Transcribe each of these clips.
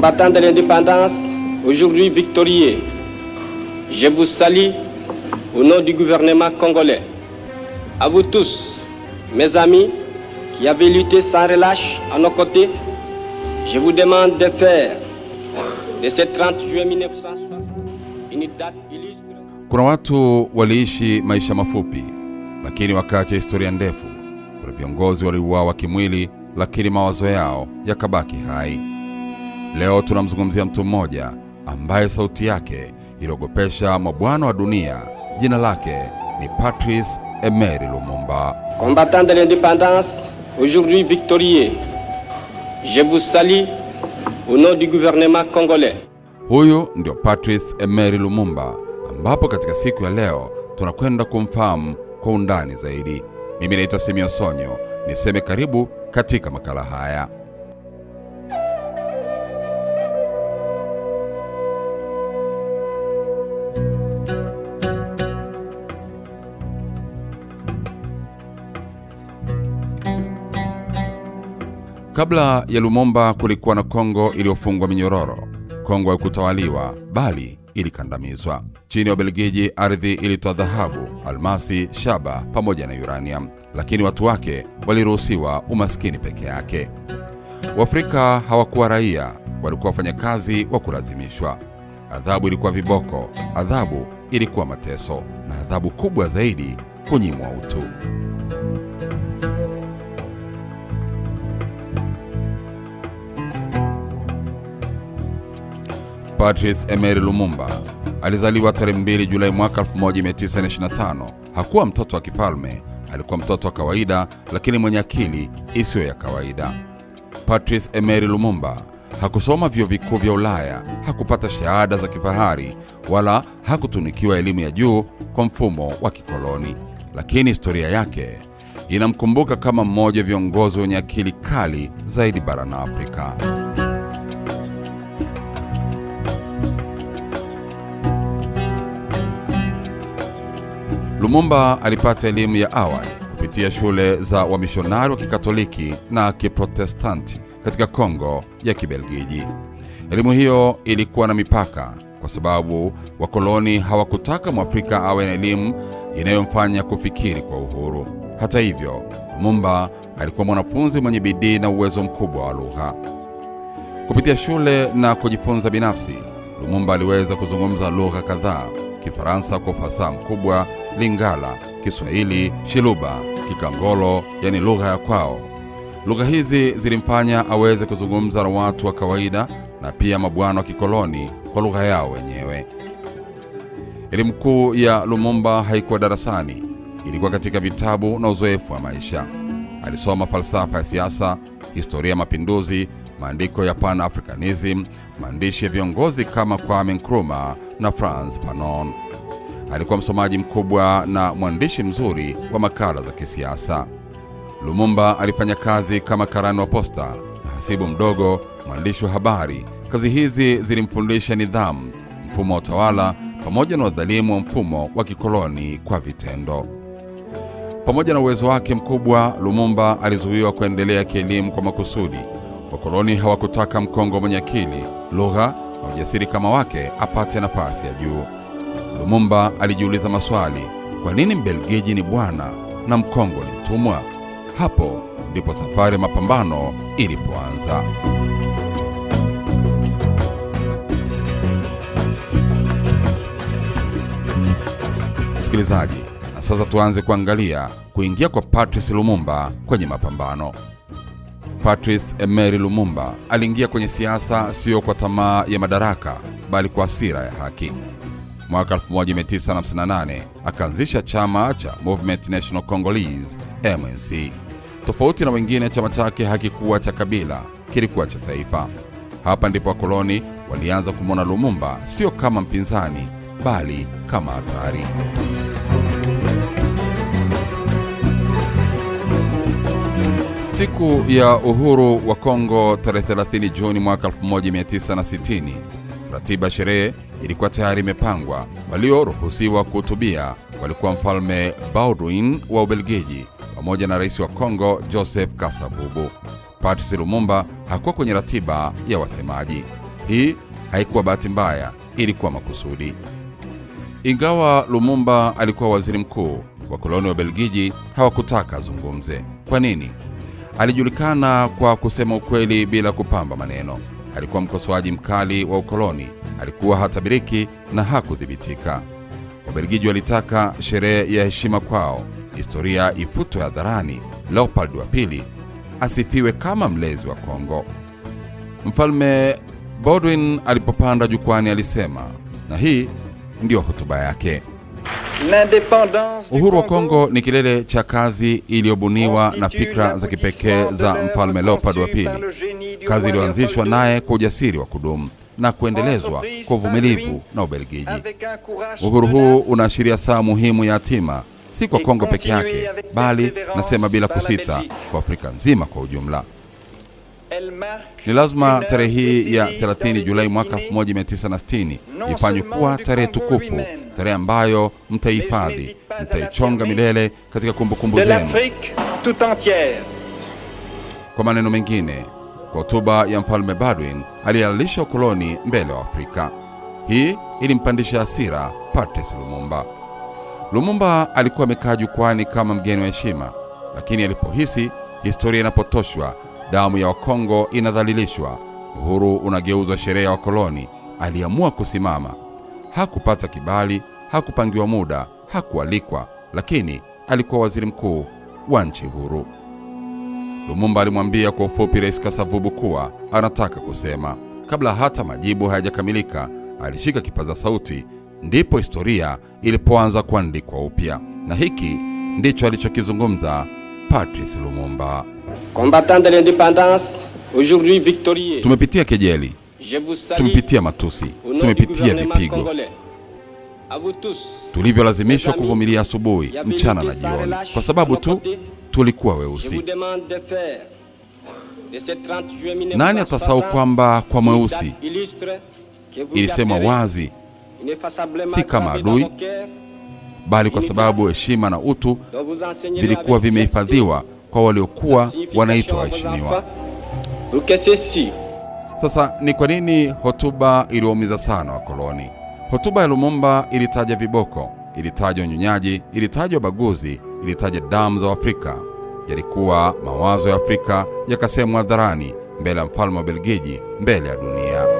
combattants de l'indépendance, aujourd'hui victorieux, je vous salue au nom du gouvernement congolais. À vous tous, mes amis, qui avez lutté sans relâche à nos côtés, je vous demande de faire de ce 30 juin 1960 une date illustre. Kuna watu waliishi maisha mafupi, lakini wakaacha historia ndefu. Kuna viongozi waliuawa kimwili, lakini mawazo yao yakabaki hai. Leo tunamzungumzia mtu mmoja ambaye sauti yake iliogopesha mabwana wa dunia. Jina lake ni Patrice Emery Lumumba. Combattant de l'indépendance aujourd'hui victorieux. Je vous salue au nom du gouvernement congolais. Huyu ndio Patrice Emery Lumumba ambapo katika siku ya leo tunakwenda kumfahamu kwa undani zaidi. Mimi naitwa Simio Sonyo, niseme karibu katika makala haya. Kabla ya Lumumba kulikuwa na Kongo iliyofungwa minyororo, Kongo haikutawaliwa bali ilikandamizwa. Chini ya Ubelgiji, ardhi ilitoa dhahabu, almasi, shaba pamoja na uranium, lakini watu wake waliruhusiwa umaskini peke yake. Waafrika hawakuwa raia, walikuwa wafanyakazi wa kulazimishwa. Adhabu ilikuwa viboko, adhabu ilikuwa mateso, na adhabu kubwa zaidi, kunyimwa utu. Patrice Emery Lumumba alizaliwa tarehe 2 Julai mwaka 1925. Hakuwa mtoto wa kifalme, alikuwa mtoto wa kawaida lakini mwenye akili isiyo ya kawaida. Patrice Emery Lumumba hakusoma vyuo vikuu vya Ulaya, hakupata shahada za kifahari wala hakutunikiwa elimu ya juu kwa mfumo wa kikoloni, lakini historia yake inamkumbuka kama mmoja viongozi wenye akili kali zaidi barani Afrika. Lumumba alipata elimu ya awali kupitia shule za wamishonari wa Kikatoliki na Kiprotestanti katika Kongo ya Kibelgiji. Elimu hiyo ilikuwa na mipaka kwa sababu wakoloni hawakutaka Mwafrika awe na elimu inayomfanya kufikiri kwa uhuru. Hata hivyo, Lumumba alikuwa mwanafunzi mwenye bidii na uwezo mkubwa wa lugha. Kupitia shule na kujifunza binafsi, Lumumba aliweza kuzungumza lugha kadhaa: Kifaransa kwa ufasaha mkubwa, Lingala, Kiswahili, Shiluba, Kikangolo, yani lugha ya kwao. Lugha hizi zilimfanya aweze kuzungumza na watu wa kawaida na pia mabwana wa kikoloni kwa lugha yao wenyewe. Elimu kuu ya Lumumba haikuwa darasani, ilikuwa katika vitabu na uzoefu wa maisha. Alisoma falsafa ya siasa, historia ya mapinduzi, maandiko ya Pan-Africanism, maandishi ya viongozi kama Kwame Nkrumah na Frantz Fanon alikuwa msomaji mkubwa na mwandishi mzuri wa makala za kisiasa. Lumumba alifanya kazi kama karani wa posta, hasibu mdogo, mwandishi wa habari. Kazi hizi zilimfundisha nidhamu, mfumo wa utawala pamoja na udhalimu wa mfumo wa kikoloni kwa vitendo. Pamoja na uwezo wake mkubwa, Lumumba alizuiwa kuendelea kielimu kwa makusudi. Wakoloni hawakutaka mkongo mwenye akili, lugha na ujasiri kama wake apate nafasi ya juu. Lumumba alijiuliza maswali: kwa nini Mbelgiji ni bwana na Mkongo ni mtumwa? Hapo ndipo safari ya mapambano ilipoanza. Msikilizaji, na sasa tuanze kuangalia kuingia kwa Patrice Lumumba kwenye mapambano. Patrice Emery Lumumba aliingia kwenye siasa siyo kwa tamaa ya madaraka, bali kwa hasira ya haki mwaka 1958 akaanzisha chama cha Movement National Congolese MNC. Tofauti na wengine, chama chake hakikuwa cha kabila, kilikuwa cha taifa. Hapa ndipo wakoloni walianza kumwona Lumumba sio kama mpinzani, bali kama hatari. Siku ya uhuru wa Kongo tarehe 30 Juni mwaka 1960 Ratiba sherehe ilikuwa tayari imepangwa. Walioruhusiwa kuhutubia walikuwa Mfalme Baudouin wa Ubelgiji pamoja na rais wa Kongo Joseph Kasavubu. Patrice Lumumba hakuwa kwenye ratiba ya wasemaji. Hii haikuwa bahati mbaya, ilikuwa makusudi. Ingawa Lumumba alikuwa waziri mkuu, wakoloni wa Belgiji hawakutaka azungumze. Kwa nini? Alijulikana kwa kusema ukweli bila kupamba maneno alikuwa mkosoaji mkali wa ukoloni, alikuwa hatabiriki na hakudhibitika. Wabelgiji walitaka sherehe ya heshima kwao, historia ifuto ya dharani Leopold wa pili asifiwe kama mlezi wa Kongo. Mfalme bodwin alipopanda jukwani alisema, na hii ndiyo hotuba yake. Uhuru wa Kongo ni kilele cha kazi iliyobuniwa na fikra za kipekee za Mfalme Leopold wa pili, kazi iliyoanzishwa naye kwa ujasiri wa kudumu na kuendelezwa kwa uvumilivu na Ubelgiji. Uhuru huu unaashiria saa muhimu ya hatima, si kwa Kongo peke yake, bali nasema bila kusita, kwa Afrika nzima kwa ujumla. Ni lazima tarehe hii ya 30 Julai mwaka 1960 ifanywe kuwa tarehe tukufu, tarehe ambayo mtaihifadhi, mtaichonga milele katika kumbukumbu zenu. Kwa maneno mengine, kwa hotuba ya mfalme Baldwin aliyehalalisha ukoloni mbele wa Afrika. Hii ilimpandisha hasira Patrice Lumumba. Lumumba alikuwa amekaa jukwani kama mgeni wa heshima, lakini alipohisi historia inapotoshwa damu ya Wakongo inadhalilishwa, uhuru unageuzwa sherehe ya wakoloni. Aliamua kusimama. Hakupata kibali, hakupangiwa muda, hakualikwa, lakini alikuwa waziri mkuu wa nchi huru. Lumumba alimwambia kwa ufupi Rais Kasavubu kuwa anataka kusema. Kabla hata majibu hayajakamilika, alishika kipaza sauti. Ndipo historia ilipoanza kuandikwa upya, na hiki ndicho alichokizungumza Patrice Lumumba. Combattant de l'indépendance, aujourd'hui victorieux. Tumepitia kejeli, tumepitia matusi, tumepitia vipigo tulivyolazimishwa kuvumilia asubuhi, mchana na jioni, kwa sababu tu tulikuwa weusi. Nani atasahau kwamba kwa mweusi ilisemwa wazi, si kama adui, bali kwa sababu heshima na utu vilikuwa vimehifadhiwa kwa waliokuwa wanaitwa waheshimiwa. Sasa ni kwa nini hotuba iliwaumiza sana wakoloni? Hotuba ya Lumumba ilitaja viboko, ilitaja unyonyaji, ilitaja ubaguzi, ilitaja damu za Afrika. Yalikuwa mawazo ya Afrika yakasemwa hadharani, mbele ya mfalme wa Belgiji, mbele ya dunia.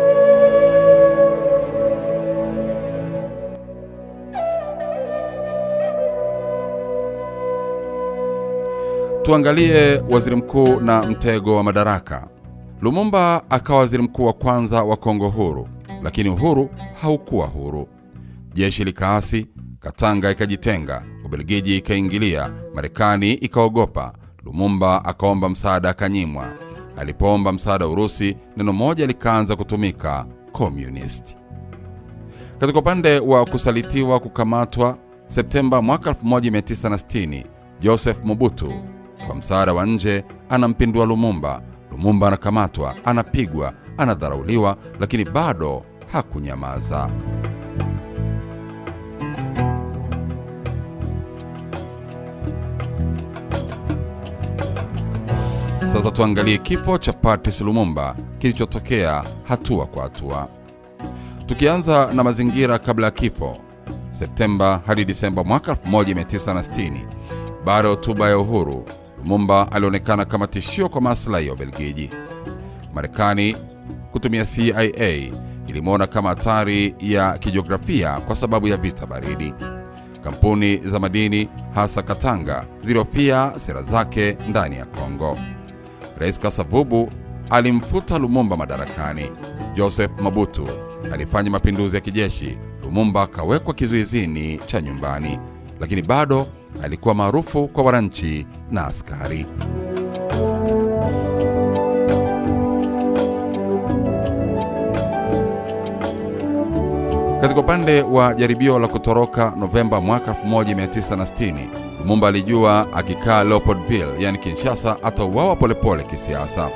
Tuangalie waziri mkuu na mtego wa madaraka. Lumumba akawa waziri mkuu wa kwanza wa Kongo huru, lakini uhuru haukuwa huru. Jeshi likaasi, Katanga ikajitenga, Ubelgiji ikaingilia, Marekani ikaogopa. Lumumba akaomba msaada, akanyimwa. Alipoomba msaada Urusi, neno moja likaanza kutumika, communist. Katika upande wa kusalitiwa, kukamatwa Septemba mwaka 1960, Joseph Mobutu kwa msaada wa nje anampindua Lumumba. Lumumba anakamatwa, anapigwa, anadharauliwa, lakini bado hakunyamaza. Sasa tuangalie kifo cha Patrice Lumumba kilichotokea hatua kwa hatua, tukianza na mazingira kabla ya kifo. Septemba hadi Disemba mwaka 1960, baada ya hotuba ya uhuru Lumumba alionekana kama tishio kwa maslahi ya Ubelgiji. Marekani kutumia CIA ilimwona kama hatari ya kijiografia kwa sababu ya vita baridi. Kampuni za madini hasa Katanga zilihofia sera zake ndani ya Kongo. Rais Kasavubu alimfuta Lumumba madarakani. Joseph Mabutu alifanya mapinduzi ya kijeshi. Lumumba akawekwa kizuizini cha nyumbani, lakini bado na alikuwa maarufu kwa wananchi na askari. Katika upande wa jaribio la kutoroka Novemba mwaka 1960, Lumumba alijua akikaa Leopoldville, yani Kinshasa, atauawa polepole kisiasa.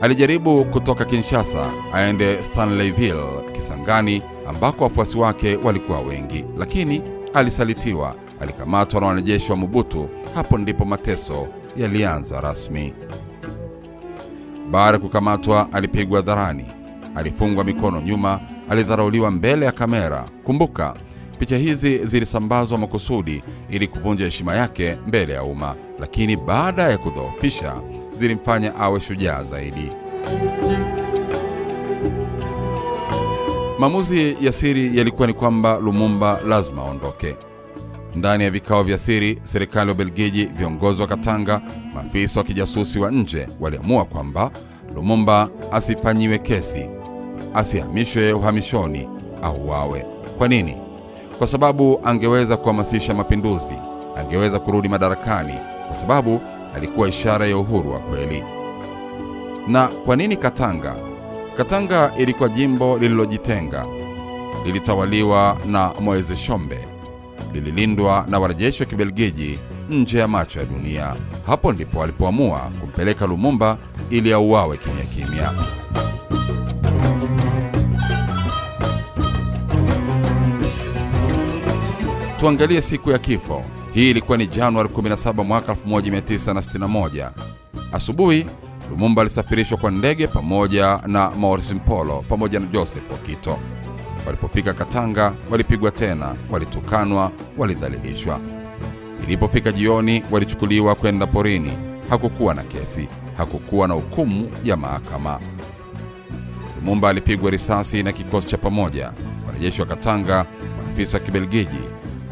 Alijaribu kutoka Kinshasa aende Stanleyville Kisangani, ambako wafuasi wake walikuwa wengi, lakini alisalitiwa alikamatwa na wanajeshi wa Mobutu. Hapo ndipo mateso yalianza rasmi. Baada ya kukamatwa, alipigwa dharani, alifungwa mikono nyuma, alidharauliwa mbele ya kamera. Kumbuka, picha hizi zilisambazwa makusudi ili kuvunja heshima yake mbele ya umma, lakini baada ya kudhoofisha, zilimfanya awe shujaa zaidi. Maamuzi ya siri yalikuwa ni kwamba Lumumba lazima aondoke. Ndani ya vikao vya siri, serikali ya Ubelgiji, viongozi wa Katanga, maafisa wa kijasusi wa nje waliamua kwamba Lumumba asifanyiwe kesi, asihamishwe uhamishoni au wawe. Kwa nini? Kwa sababu angeweza kuhamasisha mapinduzi, angeweza kurudi madarakani, kwa sababu alikuwa ishara ya uhuru wa kweli. Na kwa nini Katanga? Katanga ilikuwa jimbo lililojitenga, lilitawaliwa na moeze shombe lililindwa na wanajeshi wa Kibelgiji nje ya macho ya dunia. Hapo ndipo walipoamua kumpeleka Lumumba ili auawe kimya kimya. Tuangalie siku ya kifo. Hii ilikuwa ni Januari 17 mwaka 1961. Asubuhi Lumumba alisafirishwa kwa ndege pamoja na Maurice Mpolo pamoja na Joseph Okito. Walipofika Katanga, walipigwa tena, walitukanwa, walidhalilishwa. Ilipofika jioni, walichukuliwa kwenda porini. Hakukuwa na kesi, hakukuwa na hukumu ya mahakama. Lumumba alipigwa risasi na kikosi cha pamoja, wanajeshi wa Katanga, maafisa wa Kibelgiji.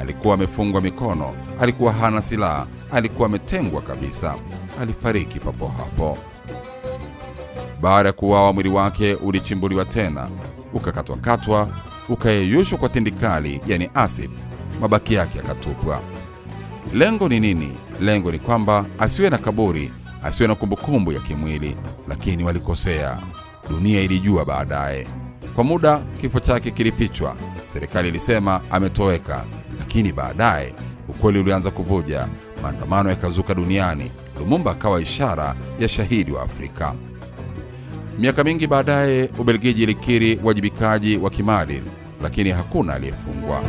Alikuwa amefungwa mikono, alikuwa hana silaha, alikuwa ametengwa kabisa. Alifariki papo hapo. Baada ya kuwawa mwili wake ulichimbuliwa tena ukakatwakatwa, ukayeyushwa kwa tindikali, yani asid mabaki yake yakatupwa. Lengo ni nini? Lengo ni kwamba asiwe na kaburi, asiwe na kumbukumbu ya kimwili. Lakini walikosea, dunia ilijua baadaye. Kwa muda kifo chake kilifichwa, serikali ilisema ametoweka, lakini baadaye ukweli ulianza kuvuja. Maandamano yakazuka duniani. Lumumba akawa ishara ya shahidi wa Afrika. Miaka mingi baadaye, Ubelgiji ilikiri uwajibikaji wa kimali lakini hakuna aliyefungwa.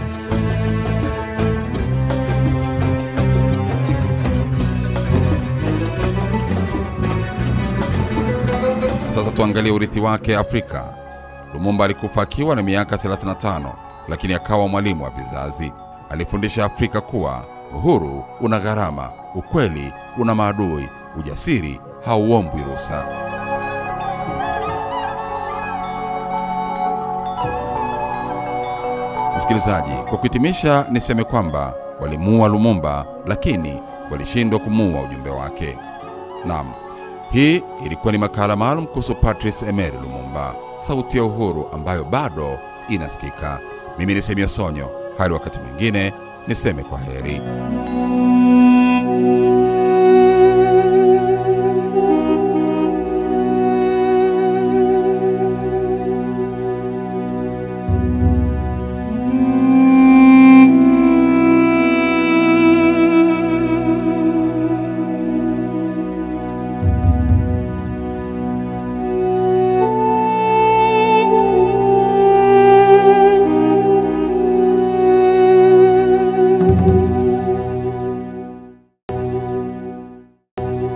Sasa tuangalie urithi wake Afrika. Lumumba alikufa akiwa na miaka 35, lakini akawa mwalimu wa vizazi. Alifundisha Afrika kuwa uhuru una gharama, ukweli una maadui, ujasiri hauombwi ruhusa. Msikilizaji, kwa kuhitimisha, niseme kwamba walimuua Lumumba, lakini walishindwa kumuua ujumbe wake. Naam, hii ilikuwa ni makala maalum kuhusu Patrice Emery Lumumba, sauti ya uhuru ambayo bado inasikika. Mimi ni Semia Sonyo, hadi wakati mwingine niseme kwa heri.